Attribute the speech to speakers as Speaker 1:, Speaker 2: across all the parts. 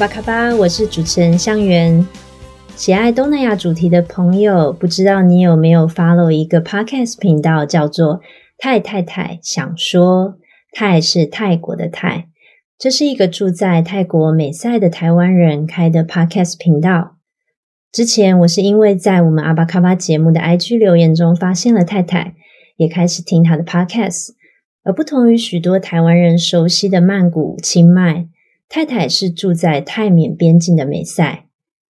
Speaker 1: 峇卡巴，我是主持人向元。喜愛東南亞主題的朋友，不知道你有沒有 follow 一個 podcast 頻道，叫做“泰太太想說”。泰是泰國的泰，這是一個住在泰國美賽的台灣人開的 podcast 頻道。之前我是因為在我們阿峇卡巴節目的 IG 留言中發現了泰太，也開始聽他的 podcast。而不同於許多台灣人熟悉的曼谷、清邁。泰太是住在泰緬邊境的美賽，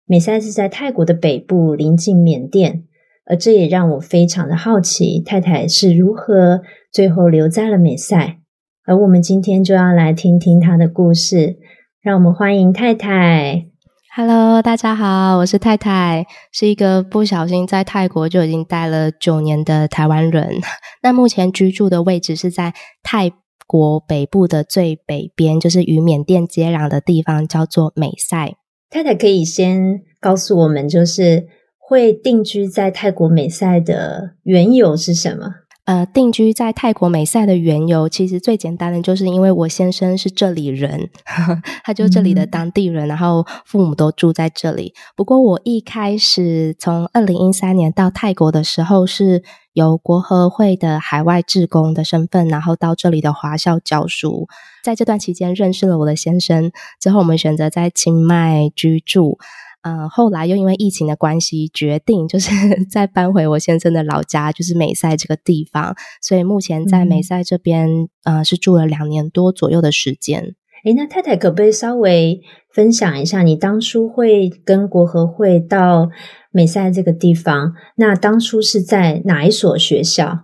Speaker 1: 美賽是在泰國的北部，臨近緬甸，而這也讓我非常的好奇，泰太是如何最後留在了美賽，而我們今天就要來聽聽她的故事，讓我們歡迎泰太。
Speaker 2: Hello，大家好，我是泰太，是一個不小心在泰國就已經待了九年的台灣人，那目前居住的位置是在泰。國北部的最北邊，就是與緬甸接壤的地方，叫做美賽。
Speaker 1: 泰太可以先告訴我們，就是會定居在泰國
Speaker 2: 美賽的緣由是什麼？呃，定居在泰國美賽的緣由，其實最簡單的就是因為我先生是這裡人，呵呵，他就這裡的當地人，嗯、然後父母都住在這裡。不過我一開始從二零一三年到泰國的時候，是由國合會的海外志工的身份，然後到這裡的華校教書，在這段期間認識了我的先生，之後我們選擇在清邁居住。嗯、呃，後來又因為疫情的關係，決定就是再搬回我先生的老家，就是美塞這個地方。所以目前在美塞這邊，嗯、呃，是住了兩年多左右的時間。
Speaker 1: 誒，那泰太可不可以稍微分享一下，你當初會跟國合會到美塞這個地方？那
Speaker 2: 當初是在哪一所學校？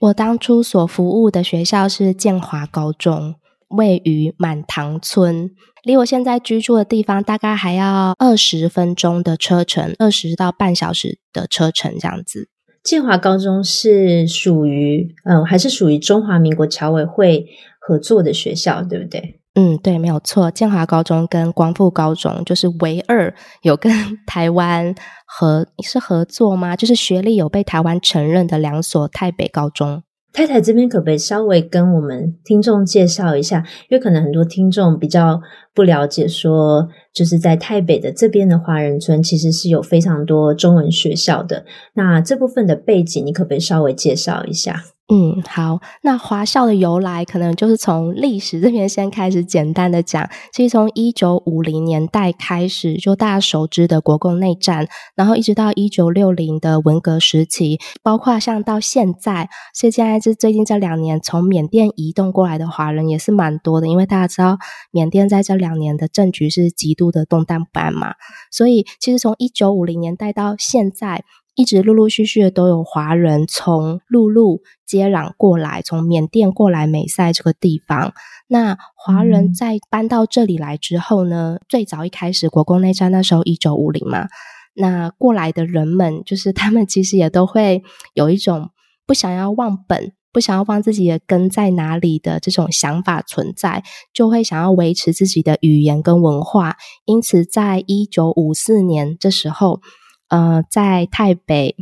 Speaker 2: 我當初所服務的學校是建華高中。位於滿堂村，離我現在居住的地方大概還要二十分鐘的車程，二十到半小時的車程這樣子。
Speaker 1: 建華高中是屬於嗯，還是屬於中華民國僑委會
Speaker 2: 合作的學校，對不對？嗯，對，沒有錯。建華高中跟光復高中就是唯二有跟台灣合，是合作嗎？就是學歷有被台灣承認的兩所泰北高中。
Speaker 1: 太太這邊可不可以稍微跟我們聽眾介紹一下？因為可能很多聽眾比較不了解說，就是在泰北的這邊的華人村，其實是有非常多中文學校的。那這
Speaker 2: 部分的背景，你可不可以稍微介紹一下？嗯，好。那華校的由來，可能就是從歷史這邊先開始簡單的講。其實從一九五零年代開始，就大家熟知的國共內戰，然後一直到一九六零的文革時期，包括像到現在，甚至現在這最近這兩年，從緬甸移動過來的華人也是蠻多的。因為大家知道，緬甸在這兩。兩年的政局是極度的動盪不安嘛，所以其實從一九五零年代到現在，一直陸陸續續的都有華人從陸路接壤過來，從緬甸過來美賽這個地方。那華人在搬到這裡來之後呢，最早一開始國共內戰那時候一九五零嘛，那過來的人們就是他們其實也都會有一種不想要忘本，不想要忘自己的根在哪裡的這種想法存在，就會想要維持自己的語言跟文化。因此，在一九五四年這時候，呃，在泰北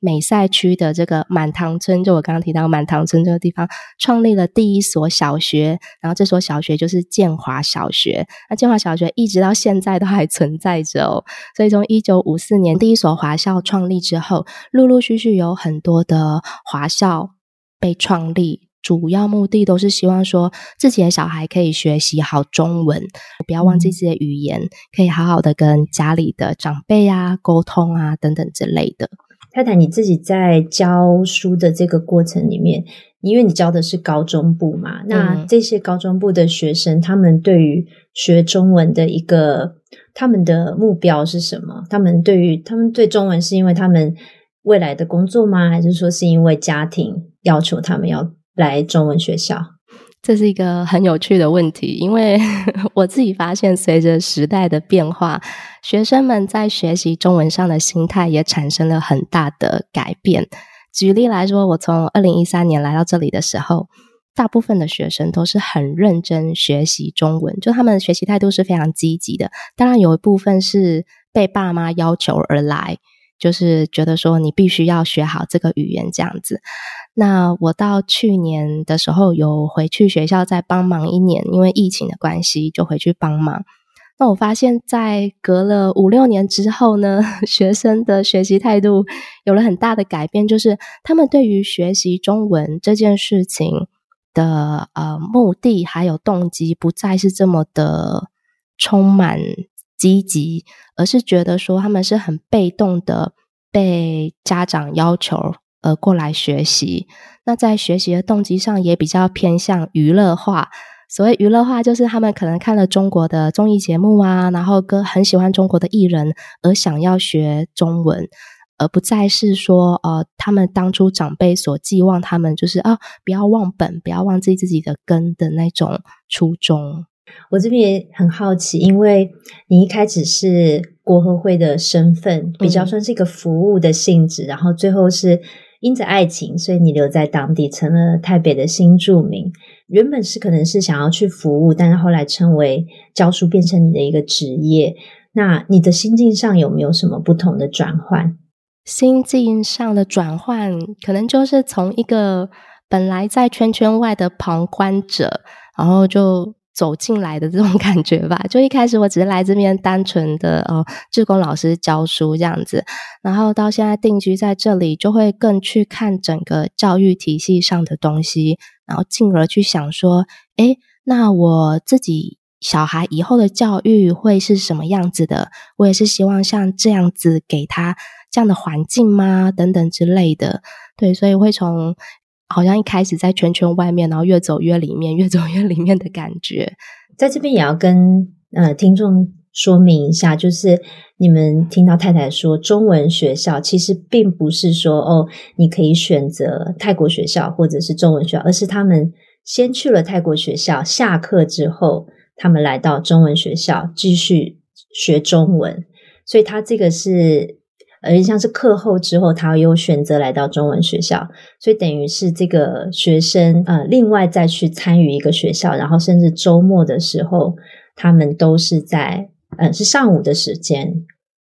Speaker 2: 美賽區的這個滿堂村，就我剛剛提到滿堂村這個地方，創立了第一所小學。然後這所小學就是建華小學。那建華小學一直到現在都還存在着哦。所以從一九五四年第一所華校創立之後，陸陸續續有很多的華校。被創立，主要目的都是希望說自己的小孩可以學習好中文，不要忘記自己的語言，可以好好的跟家裡的長輩啊溝通啊等等之類的。泰太，你自己在教
Speaker 1: 書的這個過
Speaker 2: 程裡面，因為你教的是高中部嘛，嗯、那
Speaker 1: 這些高中部的學生，他們對於學中文的一個他們的目標是什麼？他們對於他們對中文是因為他們未來的工作嗎？還是說是因為家庭？要求他們要來中文學校，
Speaker 2: 這是一個很有趣的問題。因為我自己發現，隨着時代的變化，學生們在學習中文上的心態也產生了很大的改變。舉例來說，我從二零一三年來到這裡的時候，大部分的學生都是很認真學習中文，就他們學習態度是非常積極的。當然，有一部分是被爸媽要求而來，就是覺得說你必須要學好這個語言，這樣子。那我到去年的時候有回去學校再幫忙一年，因為疫情的關係就回去幫忙。那我發現在隔了五六年之後呢，學生的學習態度有了很大的改變，就是他們對於學習中文這件事情的呃，目的還有動機不再是這麼的充滿積極，而是覺得說他們是很被動的被家長要求。而過來學習，那在學習的動機上也比較偏向娛樂化。所謂娛樂化，就是他們可能看了中國的綜藝節目啊，然後跟很喜歡中國的藝人，而想要學中文，而不再是說，呃，他們當初長輩所寄望他們就是啊，不要忘本，不要忘記自己的根的那種初衷。我這邊也很好奇，因為你一開
Speaker 1: 始是國合會的身份，比較算是一個服務的性質，然後最後是。因着愛情，所以你留在當地，成了泰北的新住民。原本是可能是想要去服務，但是後來成為教書，變成你的一個職業。那你的心境上有沒有什麼不同的轉換？
Speaker 2: 心境上的轉換，可能就是從一個本來在圈圈外的旁觀者，然後就。走進來的這種感覺吧，就一開始我只是來這邊單純的哦，志工老師教書這樣子，然後到現在定居在這裡，就會更去看整個教育體系上的東西，然後進而去想說，誒，那我自己小孩以後的教育會是什麼樣子的？我也是希望像這樣子給他這樣的環境嗎？等等之類的，對，所以會從。好像一開始在圈圈外面，然後越走越裡面，越走越裡面的感覺。在這邊也要跟呃聽眾說明
Speaker 1: 一下，就是你們聽到泰太說中文學校，其實並不是說哦，你可以選擇泰國學校或者是中文學校，而是他們先去了泰國學校，下課之後他們來到中文學校繼續學中文，所以他這個是。而像是課後之後，他又選擇來到中文學校，所以等於是這個學生呃，另外再去參與一個學校，然後甚至周末的時候，他們都是在呃是上
Speaker 2: 午的時間，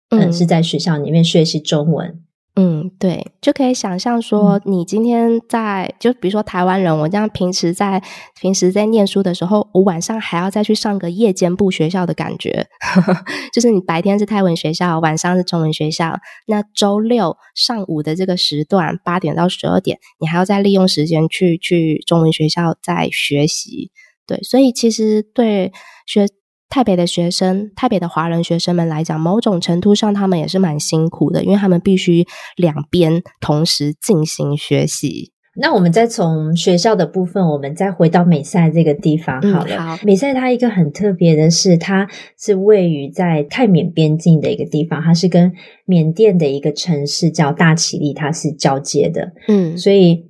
Speaker 1: 嗯、呃，是
Speaker 2: 在學校裡面學習中文。嗯嗯，對，就可以想象說，你今天在，嗯、就比如說台灣人，我這樣平時在，平時在念書的時候，我晚上還要再去上個夜間部學校的感覺， 就是你白天是泰文學校，晚上是中文學校，那週六上午的這個時段八點到十二點，你還要再利用時間去去中文學校再學習，對，所以其實對學。泰北的學生，泰北的華人學生們來講，某種程度上他們也是蠻辛苦的，因為他們必須兩邊同時進行學習。
Speaker 1: 那我們再從學校的部分，我們再回到美賽這個地方好了。嗯、好。美賽它一個很特別的是，它是位於在泰緬邊境的一個地方，它是跟緬甸的一個城市叫大其力，它是交接的。嗯，所以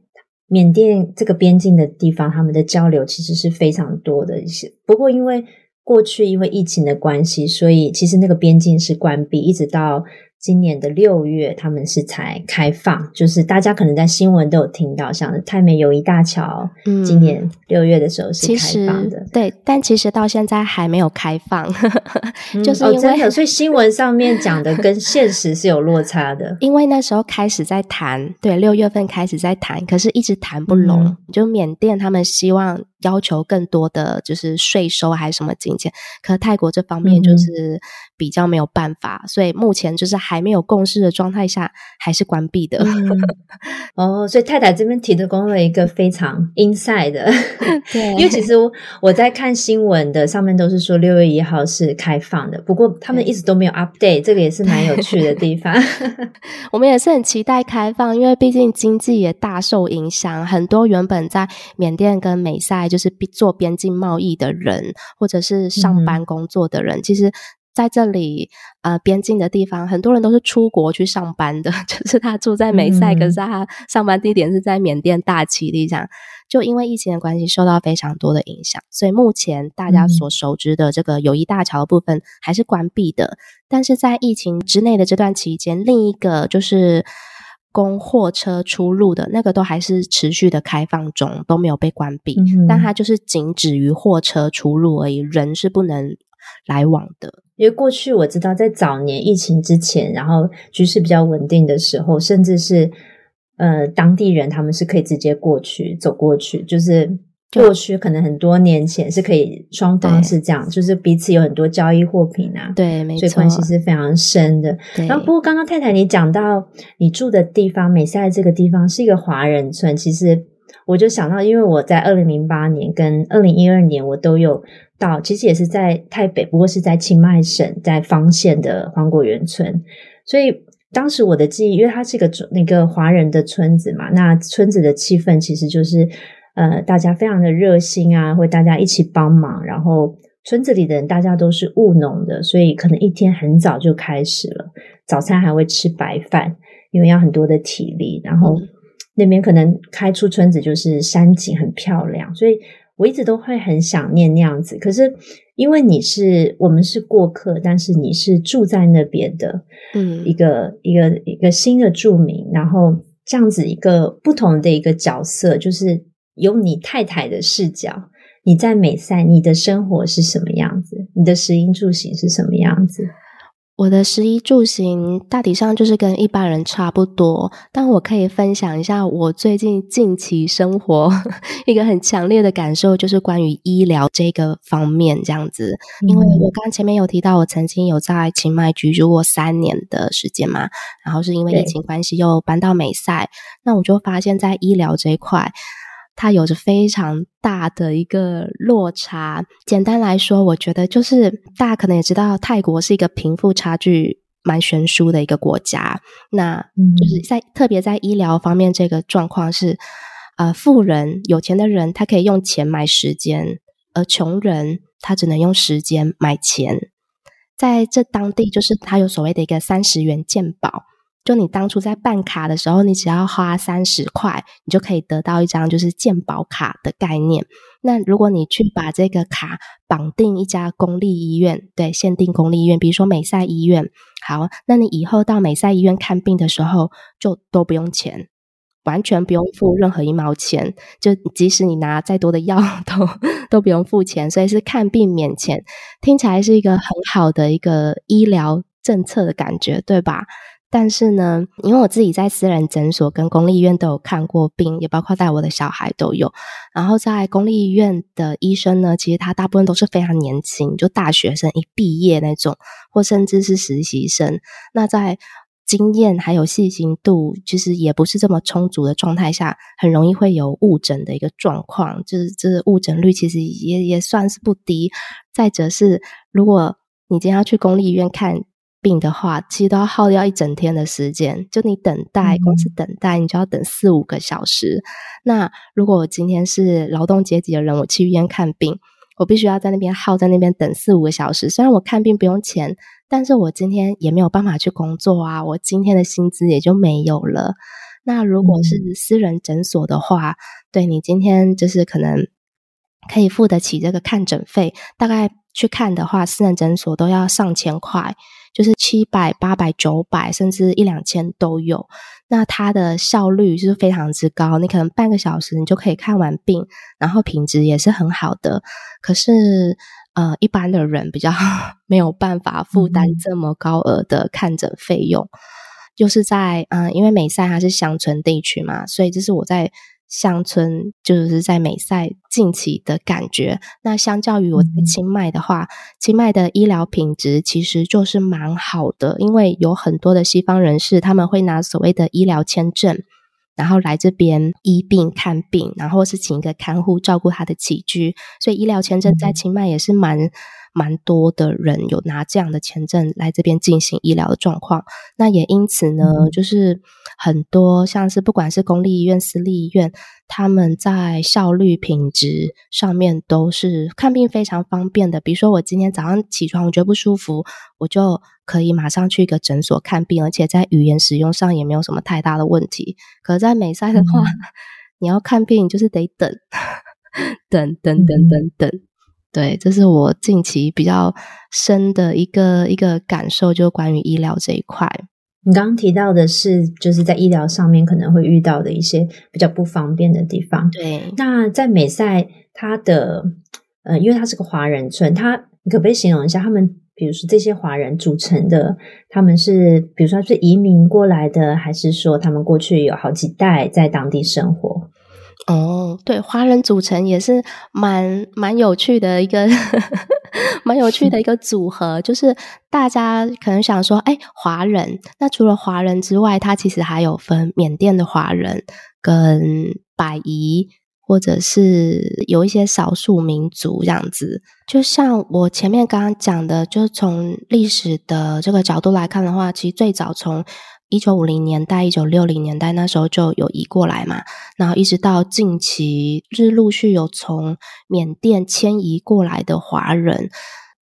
Speaker 1: 緬甸這個邊境的地方，他們的交流其實是非常多的一些。不過因為過去因為疫情的關係，所以其實那個邊境是關閉，一直到今年的六月，他們是才開放。就是大家可能在新聞都有聽到，像泰緬友誼大橋，嗯，今年六月的時候是開放的，
Speaker 2: 對，但其實到現在還沒有開放， 就是因為、嗯哦、所以新聞上面講的跟現實是有落差的。 因為那時候開始在談，對，六月份開始在談，可是一直談不攏，嗯、就緬甸他們希望。要求更多的就是稅收還是什麼金錢，可是泰國這方面就是比較沒有辦法，嗯、所以目前就是還沒有共識的狀態下，還是關閉的、嗯。哦，所以太太這邊提供了一個非常 inside 的， 對因為其
Speaker 1: 實我在看新聞的上面都是說六月一號是開放的，不過他們一直都沒有 update，對這個也是蠻有趣的地方。
Speaker 2: 對 我們也是很期待開放，因為畢竟經濟也大受影響，很多原本在緬甸跟美賽，就是做邊境貿易的人，或者是上班工作的人，嗯、其實在這裡呃邊境的地方，很多人都是出國去上班的。就是他住在美賽，嗯、可是他上班地點是在緬甸大其力上，就因為疫情的關係受到非常多的影響，所以目前大家所熟知的這個友誼大橋的部分還是關閉的。但是在疫情之內的這段期間，另一個就是。供貨車出入的那個都還是持續的開放中，都沒有被關閉，嗯哼。但它就是僅止於貨車出入而已，人是不能來往的。
Speaker 1: 因為過去我知道，在早年疫情之前，然後局勢比較穩定的時候，甚至是呃當地人他們是可以直接過去走過去，就是。過去可能很多年前是可以雙方是這樣，對就是彼此有很多交易貨品啊，對，沒錯。所以關係是非常深的。對然後不過剛剛太太你講到你住的地方美賽這個地方是一個華人村，其實我就想到，因為我在二零零八年跟二零一二年我都有到，其實也是在泰北，不過是在清邁省，在方縣的黃果園村，所以當時我的記憶，因為它是一個那個華人的村子嘛，那村子的氣氛其實就是。呃，大家非常的熱心啊，會大家一起幫忙。然後村子裡的人，大家都是務農的，所以可能一天很早就開始了。早餐還會吃白飯，因為要很多的體力。然後那邊可能開出村子就是山景很漂亮，所以我一直都會很想念那樣子。可是因為你是我們是過客，但是你是住在那邊的，嗯，一，一個一個一個新的住民，然後這樣子一個不同的一個角色就是。有你太太的視角，你在美塞，你的生活是什麼樣子？你的食衣住行是什麼樣子？
Speaker 2: 我的食衣住行大體上就是跟一般人差不多，但我可以分享一下我最近近期生活一個很強烈的感受，就是關於醫療這個方面這樣子。嗯、因為我剛前面有提到，我曾經有在清邁居住過三年的時間嘛，然後是因為疫情關係又搬到美塞，對那我就發現在醫療這一塊。它有着非常大的一個落差簡單來說，我覺得就是大家可能也知道，泰國是一個貧富差距蠻懸殊的一個國家。那就是在、嗯、特別在醫療方面，這個狀況是，呃，富人有錢的人他可以用錢買時間，而窮人他只能用時間買錢。在這當地，就是他有所謂的一個三十元健保，就你當初在辦卡的時候，你只要花三十塊，你就可以得到一張就是健保卡的概念。那如果你去把這個卡綁定一家公立醫院，對，限定公立醫院，比如說美賽醫院，好，那你以後到美賽醫院看病的時候，就都不用錢，完全不用付任何一毛錢，就即使你拿再多的藥都都不用付錢，所以是看病免錢，聽起來是一個很好的一個醫療政策的感覺，對吧？但是呢，因為我自己在私人診所跟公立醫院都有看過病，也包括帶我的小孩都有。然後在公立醫院的醫生呢，其實他大部分都是非常年輕，就大學生一畢業那種，或甚至是實習生。那在經驗還有細心度，其實也不是這麼充足的狀態下，很容易會有誤診的一個狀況。就是這、就是、誤診率其實也也算是不低。再者是，如果你今天要去公立醫院看病的話，其實都要耗掉一整天的時間。就你等待，嗯、公司等待，你就要等四五個小時。那如果我今天是勞動階級的人，我去醫院看病，我必須要在那邊耗，在那邊等四五個小時。雖然我看病不用錢，但是我今天也沒有辦法去工作啊，我今天的薪資也就沒有了。那如果是私人診所的話，嗯、對，你今天就是可能可以付得起這個看診費。大概去看的話，私人診所都要上千塊。就是七百、八百、九百，甚至一兩千都有。那它的效率是非常之高，你可能半個小時你就可以看完病，然後品質也是很好的。可是，呃，一般的人比較沒有辦法負擔這麼高額的看診費用。嗯、就是在，嗯、呃，因為美賽它是鄉村地區嘛，所以這是我在。鄉村就是在美賽近期的感覺。那相較於我在清邁的話，清邁、嗯、的醫療品質其實就是蠻好的，因為有很多的西方人士他們會拿所謂的醫療簽證，然後來這邊醫病看病，然後是請一個看護照顧他的起居，所以醫療簽證在清邁也是蠻蠻多的人有拿這樣的簽證來這邊進行醫療的狀況，那也因此呢，嗯、就是很多像是不管是公立醫院、私立醫院，他們在效率、品質上面都是看病非常方便的。比如說，我今天早上起床我覺得不舒服，我就可以馬上去一個診所看病，而且在語言使用上也沒有什麼太大的問題。可在美賽的話，嗯、 你要看病就是得等等等等等等。等等等等嗯對，這是我近期比較深的一個一個感受，就是關於醫療這一塊。你
Speaker 1: 剛剛提到的是，就是在醫療上面可能會遇到的一些比較不方便的地方。對，那在美賽，它的呃，因為它是個華人村，它你可不可以形容一下，他們比如說這些華人組成的，他們是比如說是移民過來的，還是說他們過去有好幾
Speaker 2: 代在當地生活？哦，對，華人組成也是蠻蠻有趣的一個，蠻有趣的一個組合。是就是大家可能想說，誒、欸、華人，那除了華人之外，它其實還有分緬甸的華人跟百夷，或者是有一些少數民族這樣子。就像我前面剛剛講的，就是從歷史的這個角度來看的話，其實最早從，一九五零年代、一九六零年代那時候就有移過來嘛，然後一直到近期，就陸續有從緬甸遷移過來的華人。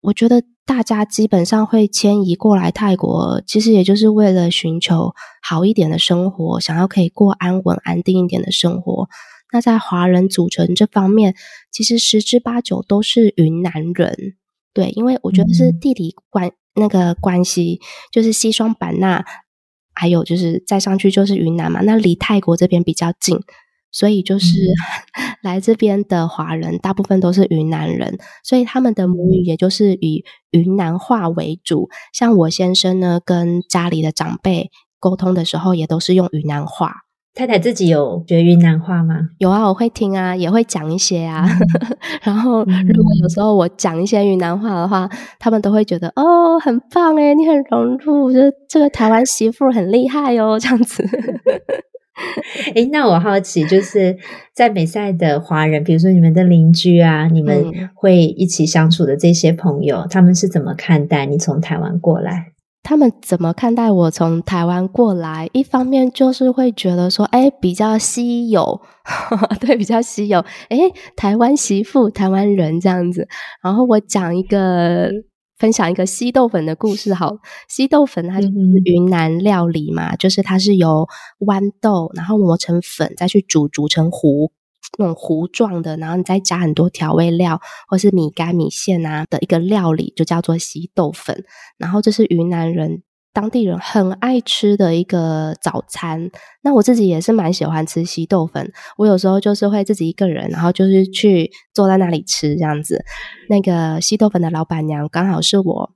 Speaker 2: 我覺得大家基本上會遷移過來泰國，其實也就是為了尋求好一點的生活，想要可以過安穩、安定一點的生活。那在華人組成這方面，其實十之八九都是雲南人，對，因為我覺得是地理關、mm hmm. 那個關係，就是西雙版納。還有就是再上去就是雲南嘛，那離泰國這邊比較近，所以就是來這邊的華人大部分都是雲南人，所以他們的母語也就是以雲南話為主。像我先生呢，跟家裡的長輩溝通的時候也都是用雲南話。太太自己有學雲南話嗎？有啊，我會聽啊，也會講一些啊。 然後、嗯、如果有時候我講一些雲南話的話，他們都會覺得哦，很棒哎，你很融入，覺得這個台灣媳婦很厲害哦，這樣子。
Speaker 1: 哎， 那我好奇，就是在美賽的華人，比如說你們的鄰居啊，你們
Speaker 2: 會一起相處的這些朋友，嗯、他們是怎麼看待你從台灣過來？他們怎麼看待我從台灣過來？一方面就是會覺得說，哎、欸，比較稀有呵呵，對，比較稀有。誒台灣媳婦，台灣人這樣子。然後我講一個，分享一個稀豆粉的故事好。好，稀豆粉它就是雲南料理嘛，嗯、哼就是它是由豌豆，然後磨成粉，再去煮煮成糊。那種糊狀的，然後你再加很多調味料，或是米干、米線啊的一個料理，就叫做稀豆粉。然後這是雲南人、當地人很愛吃的一個早餐。那我自己也是蠻喜歡吃稀豆粉，我有時候就是會自己一個人，然後就是去坐在那裡吃這樣子。那個稀豆粉的老闆娘剛好是我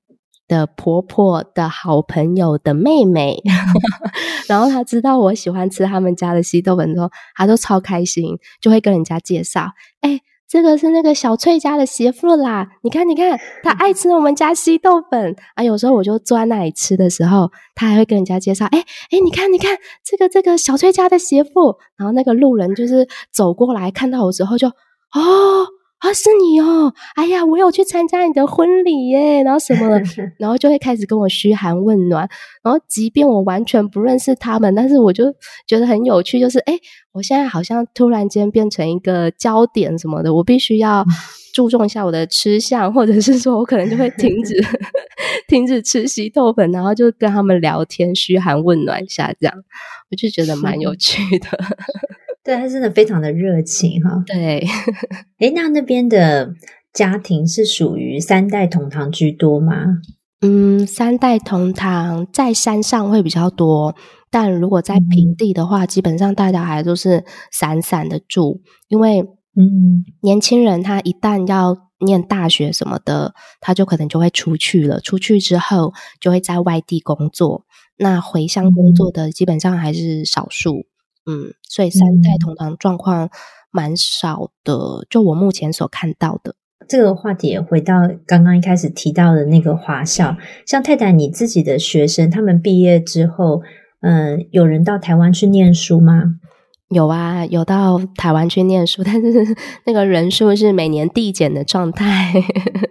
Speaker 2: 的婆婆的好朋友的妹妹， 然後她知道我喜歡吃他們家的稀豆粉之後，她都超開心，就會跟人家介紹：“哎、欸，這個是那個小翠家的媳婦啦，你看，你看，她愛吃我們家稀豆粉 啊。”有時候我就坐在那裡吃的時候，她還會跟人家介紹：“哎、欸，哎、欸，你看，你看，這個這個小翠家的媳婦。”然後那個路人就是走過來看到我之後就哦。啊、哦，是你哦！哎呀，我有去參加你的婚禮耶，然後什麼的， 然後就會開始跟我噓寒問暖。然後，即便我完全不認識他們，但是我就覺得很有趣，就是誒，我現在好像突然間變成一個焦點什麼的，我必須要注重一下我的吃相， 或者是說我可能就會停止 停止吃稀豆粉，然後就跟他們聊天噓寒問暖一下，這樣我就覺得蠻有趣的。是
Speaker 1: 對他真的非常的熱情哈、啊。對， 誒，那那邊的
Speaker 2: 家庭是屬於三代同堂居多嗎？嗯，三代同堂在山上會比較多，但如果在平地的話，嗯、基本上大家還都是散散的住。因為，嗯，年輕人他一旦要念大學什麼的，他就可能就會出去了。出去之後就會在外地工作，那回鄉工作的基本上還是少數。嗯嗯，所以三代同堂狀況蠻少的，嗯、就我目前所看到
Speaker 1: 的。這個話題也回到剛剛一開始提到的那個華校，像泰太你自己的學生，他們畢業之後，嗯、呃，有人到台灣去念書嗎？
Speaker 2: 有啊，有到台灣去念書，但是那個人數是每年遞減的狀態。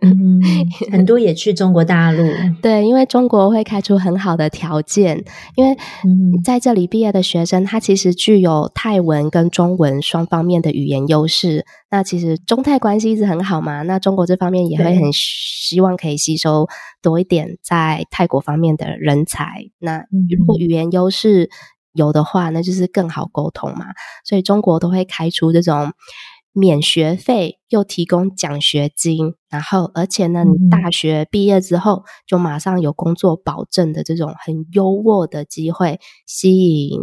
Speaker 2: 嗯 很多也去中國大陸， 對，因為中國會開出很好的條件，因為嗯，在這裡畢業的學生，他其實具有泰文跟中文雙方面的語言優勢。那其實中泰關係一直很好嘛，那中國這方面也會很希望可以吸收多一點在泰國方面的人才。那如果語言優勢有的話，那就是更好溝通嘛，所以中國都會開出這種。免學費又提供獎學金，然後而且呢，你、嗯、大學畢業之後就馬上有工作保證的這種很優渥的機會，吸引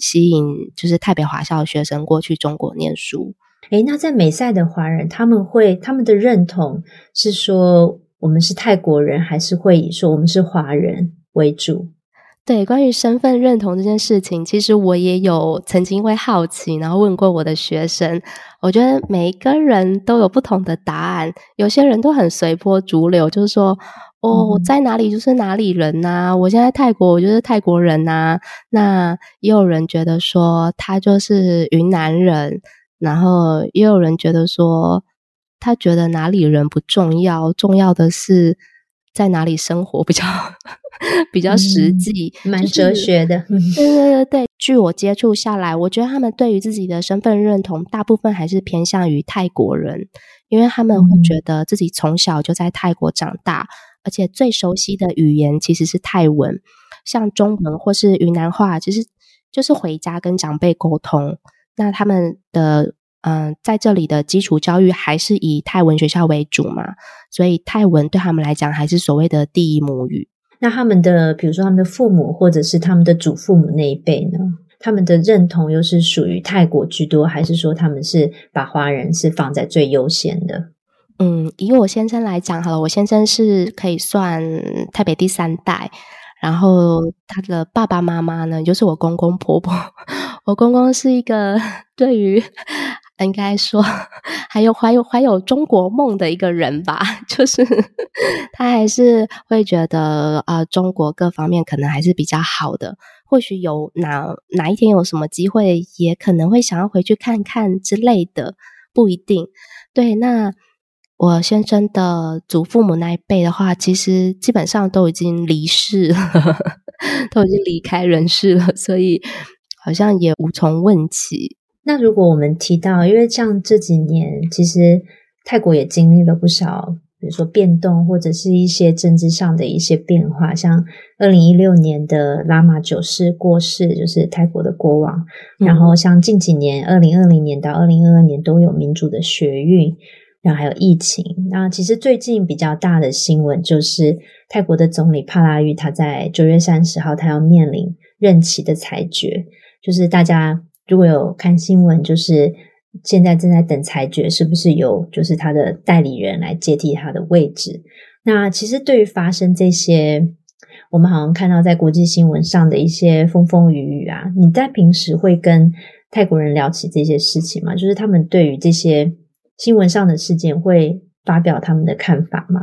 Speaker 2: 吸引就是泰北華校的學生過去中國念書。誒，那在美賽的華人，他們會他們
Speaker 1: 的認同是說我們是泰國人，還是會以說我們是華人為主？
Speaker 2: 對，關於身份認同這件事情，其實我也有曾經會好奇，然後問過我的學生。我覺得每一個人都有不同的答案。有些人都很隨波逐流，就是說，哦，我在哪裡就是哪裡人吶。我現在在泰國，我就是泰國人吶。那也有人覺得說他就是雲南人，然後也有人覺得說他覺得哪裡人不重要，重要的是。在哪裡生活比較比較實際，蠻、嗯就是、哲學的，對、嗯、對對對。據我接觸下來，我覺得他們對於自己的身份認同，大部分還是偏向於泰國人，因為他們會覺得自己從小就在泰國長大，嗯、而且最熟悉的語言其實是泰文，像中文或是雲南話，就是就是回家跟長輩溝通。那他們的。嗯，在這裡的基礎教育還是以泰文學校為主嘛，所以泰文對他們來講還是所謂的第一母語。那他們
Speaker 1: 的，比如說他們的父母或者是他們的祖父母那一輩呢，他們的認同又是
Speaker 2: 屬於泰國居多，還是說他們是把華人是放在最優先的？嗯，以我先生來講好了，我先生是可以算泰北第三代，然後他的爸爸媽媽呢，就是我公公婆婆，我公公是一個對於。應該說，還有懷有懷有中國夢的一個人吧，就是他還是會覺得啊、呃，中國各方面可能還是比較好的。或許有哪哪一天有什麼機會，也可能會想要回去看看之類的，不一定。對，那我先生的祖父母那一輩的話，其實基本上都已經離世了，都已經離開人世了，所以好像也無從問
Speaker 1: 起。那如果我們提到，因為像這幾年，其實泰國也經歷了不少，比如說變動或者是一些政治上的一些變化，像二零一六年的拉瑪九世過世，就是泰國的國王。嗯、然後像近幾年，二零二零年到二零二二年都有民主的學運，然後還有疫情。那其實最近比較大的新聞就是泰國的總理帕拉育，他在九月三十號，他要面臨任期的裁決，就是大家。如果有看新聞，就是現在正在等裁決，是不是有就是他的代理人來接替他的位置？那其實對於發生這些，我們好像看到在國際新聞上的一些風風雨雨啊，你在平時會跟泰國人聊起這些事情嗎？就是他們對於這些新聞上的事件會發表他們的看法嗎？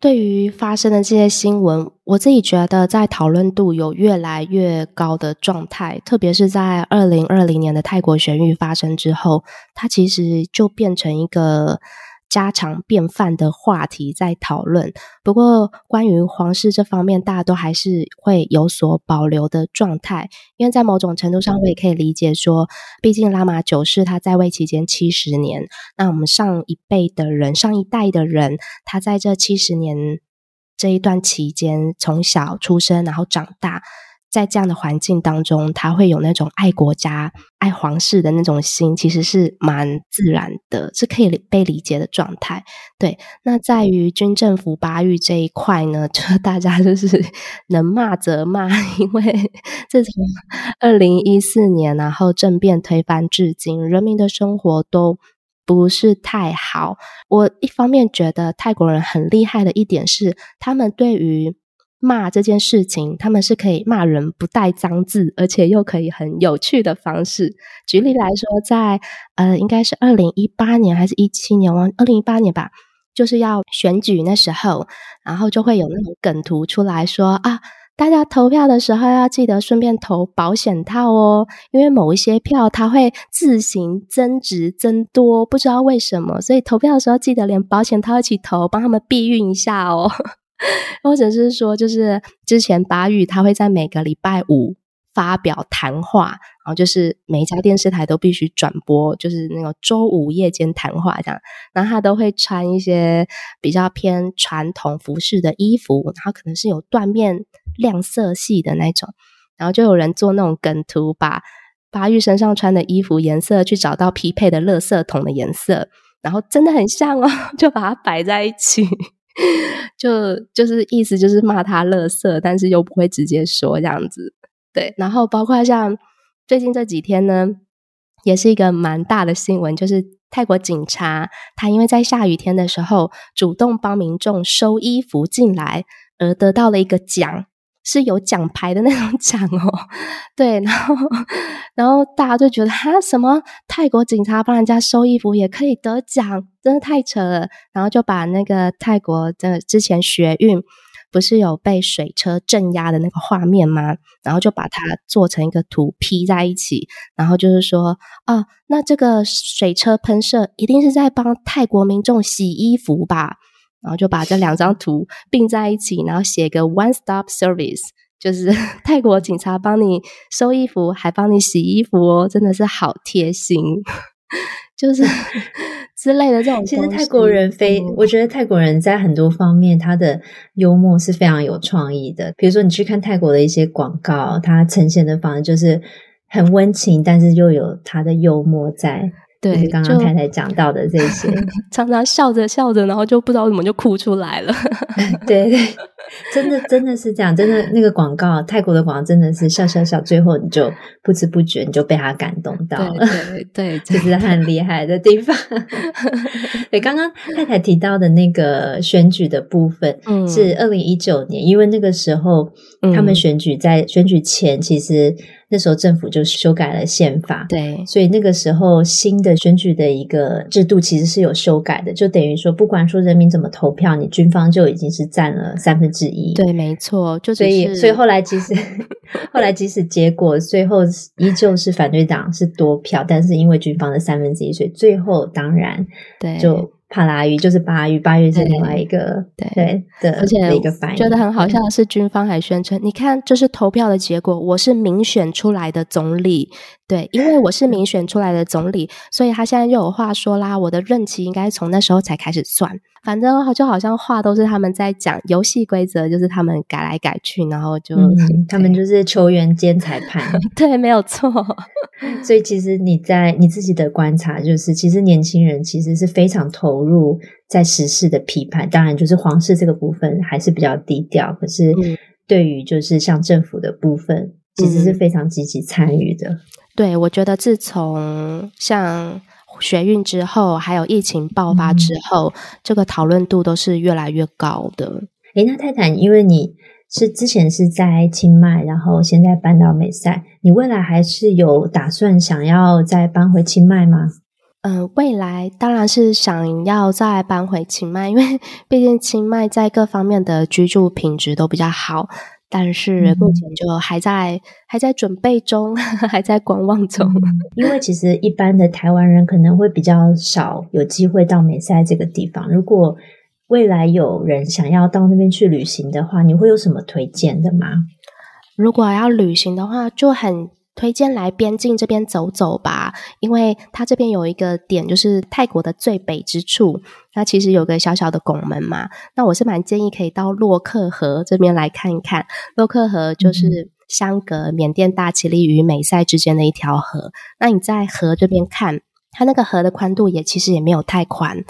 Speaker 2: 對於發生的這些新聞，我自己覺得在討論度有越來越高的狀態，特別是在二零二零年的泰國學運發生之後，它其實就變成一個家常便飯的話題在討論，不過關於皇室這方面，大家都還是會有所保留的狀態，因為在某種程度上，我也可以理解說，畢竟拉瑪九世他在位期間七十年，那我們上一輩的人，上一代的人，他在這七十年這一段期間從小出生，然後長大。在這樣的環境當中，他會有那種愛國家、愛皇室的那種心，其實是蠻自然的，是可以理被理解的狀態。對，那在於軍政府巴育這一塊呢，就大家就是能罵則罵，因為自從二零一四年然後政變推翻至今，人民的生活都不是太好。我一方面覺得泰國人很厲害的一點是，他們對於。罵這件事情，他們是可以罵人不帶髒字，而且又可以很有趣的方式。舉例來說，在呃，應該是二零一八年還是一七年？我二零一八年吧，就是要選舉那時候，然後就會有那種梗圖出來說啊，大家投票的時候要記得順便投保險套哦，因為某一些票它會自行增值增多，不知道為什麼，所以投票的時候記得連保險套一起投，幫他們避孕一下哦。或者是說，就是之前巴育他會在每個禮拜五發表談話，然後就是每一家電視台都必須轉播，就是那種周五夜間談話這樣。然後他都會穿一些比較偏傳統服飾的衣服，然後可能是有緞面亮色系的那種。然後就有人做那種梗圖，把巴育身上穿的衣服顏色去找到匹配的垃圾桶的顏色，然後真的很像哦，就把它擺在一起。 就就是，意思就是罵他垃圾，但是又不會直接說這樣子，對。然後包括像最近這幾天呢，也是一個蠻大的新聞，就是泰國警察他因為在下雨天的時候主動幫民眾收衣服進來，而得到了一個獎。是有獎牌的那種獎哦、喔，對，然後，然後大家就覺得啊，什麼泰國警察幫人家收衣服也可以得獎，真的太扯了。然後就把那個泰國的之前學運不是有被水車鎮壓的那個畫面嗎？然後就把它做成一個圖 P 在一起，然後就是說，哦、啊，那這個水車噴射一定是在幫泰國民眾洗衣服吧。然後就把這兩張圖併在一起，然後寫個 one stop service，就是泰國警察幫你收衣服，還幫你洗衣服哦，真的是好貼心，就是之類的這種。其實泰國人非，
Speaker 1: 嗯、我覺得泰國人在很多方面，他的幽默是非常有創意的。比如說你去看泰國的一些廣告，它呈現的方式就是很溫情，但是又有他的幽默在。對，就就是剛剛太太講到的這些，
Speaker 2: 常常笑着笑着，然後就不知道怎麼就哭出來了。對對，真的真的是這樣，真的
Speaker 1: 那個廣告，泰國的廣告真的是笑笑笑，最後你就不知不覺你就被他感動到了。對對，這是很厲害的地方。對，對，對，對，剛剛太太提到的那個選舉的部分，是二零一九年，嗯，因為那個時候他們選舉在選舉前其實。那時候政府就修改了憲法，對，所以那個時候新的選舉的一個制度其實是有修改的，就等於說不管說人民怎麼投票，你軍方就已經是佔了三分之一。對，沒錯，就是、所以所以後來其實 後來即使結果最後依舊是反對黨是多票，但是因為軍方的三分之一，3, 所以最後當然對就。帕拉育就是巴
Speaker 2: 育，巴育是另外一個，對對，對對，而且一個反應覺得很好笑的是，軍方還宣稱：你看，這、就是投票的結果，我是民選出來的總理，對，因為我是民選出來的總理， 所以他現在又有話說啦。我的任期應該從那時候才開始算。反正就好像話都是他們在講，遊戲規則就是他們改來改去，然後就、嗯、對他們就是球員兼裁判， 對，沒有錯。所以其實
Speaker 1: 你在你自己的觀察，就是其實年輕人其實是非常投入在時事的批判。當然，就是皇室這個部分還是比較低調，可是對於就是像政府的部分，嗯、其實是非常積極參與的。
Speaker 2: 對，我覺得自從像學運之後，還有疫情爆發之後，嗯、這個討論度都是越來越高的。
Speaker 1: 誒，那泰太，因為你是之前是在清邁，然後現在搬到美賽，你未來還是有打算想要再搬回清邁嗎？嗯，
Speaker 2: 未來當然是想要再搬回清邁，因為畢竟清邁在各方面的居住品質都比較好。但是目前就還在、嗯、還在準備中，還在觀望中、嗯。因為
Speaker 1: 其實一般的台灣人可能會比較少有機會到美賽這個地方。如果未來有人想要到那邊去旅行的話，你會有什麼推薦的嗎？
Speaker 2: 如果要旅行的話，就很。推薦來邊境這邊走走吧，因為它這邊有一個點，就是泰國的最北之處。它其實有個小小的拱門嘛。那我是蠻建議可以到洛克河這邊來看一看。洛克河就是相隔緬甸大其力與美賽之間的一條河。那你在河這邊看，它那個河的寬度也其實也沒有太寬，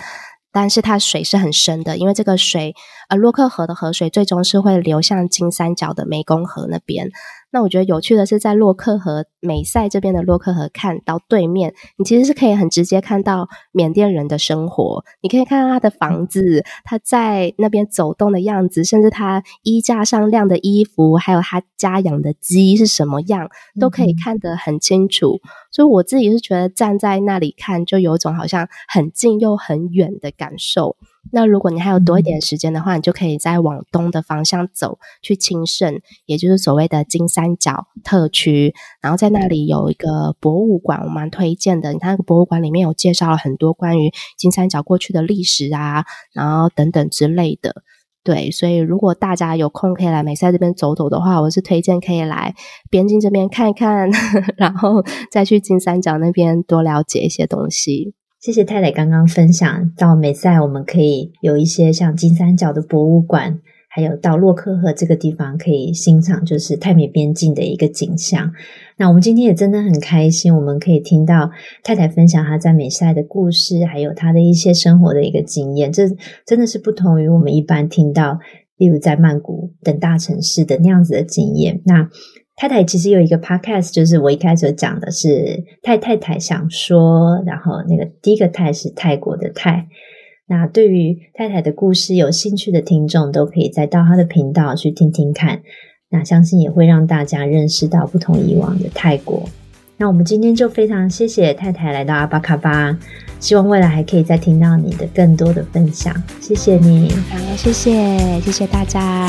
Speaker 2: 但是它水是很深的，因為這個水。呃、啊，洛克河的河水最終是會流向金三角的湄公河那邊。那我覺得有趣的是，在洛克河美賽這邊的洛克河看到對面，你其實是可以很直接看到緬甸人的生活。你可以看到他的房子，他在那邊走動的樣子，甚至他衣架上晾的衣服，還有他家養的雞是什麼樣，都可以看得很清楚。嗯、哼所以我自己是覺得站在那裡看，就有種好像很近又很遠的感受。那如果你還有多一點時間的話，你就可以再往東的方向走去清盛，也就是所謂的金三角特區。然後在那裡有一個博物館，我蠻推薦的。你看那個博物館裡面有介紹了很多關於金三角過去的歷史啊，然後等等之類的。對，所以如果大家有空可以來美賽這邊走走的話，我是推薦可以來邊境這邊看一看呵呵，然後再去金三角那邊多了解一些東西。
Speaker 1: 謝謝太太剛剛分享到美賽，我們可以有一些像金三角的博物館，還有到洛克河這個地方可以欣賞，就是泰美邊境的一個景象。那我們今天也真的很開心，我們可以聽到太太分享她在美賽的故事，還有她的一些生活的一個經驗。這真的是不同於我們一般聽到，例如在曼谷等大城市的那樣子的經驗。那泰太其實有一個 podcast，就是我一開始講的是泰太太想說，然後那個第一個泰是泰國的泰。那對於泰太的故事有興趣的聽眾，都可以再到她的頻道去聽聽看。那相信也會讓大家認識到不同以往的泰國。那我們今天就非常謝謝泰太來到阿峇卡巴，希望未來還可以再聽到你的更多的分享。謝謝你，好，謝謝，謝謝大家。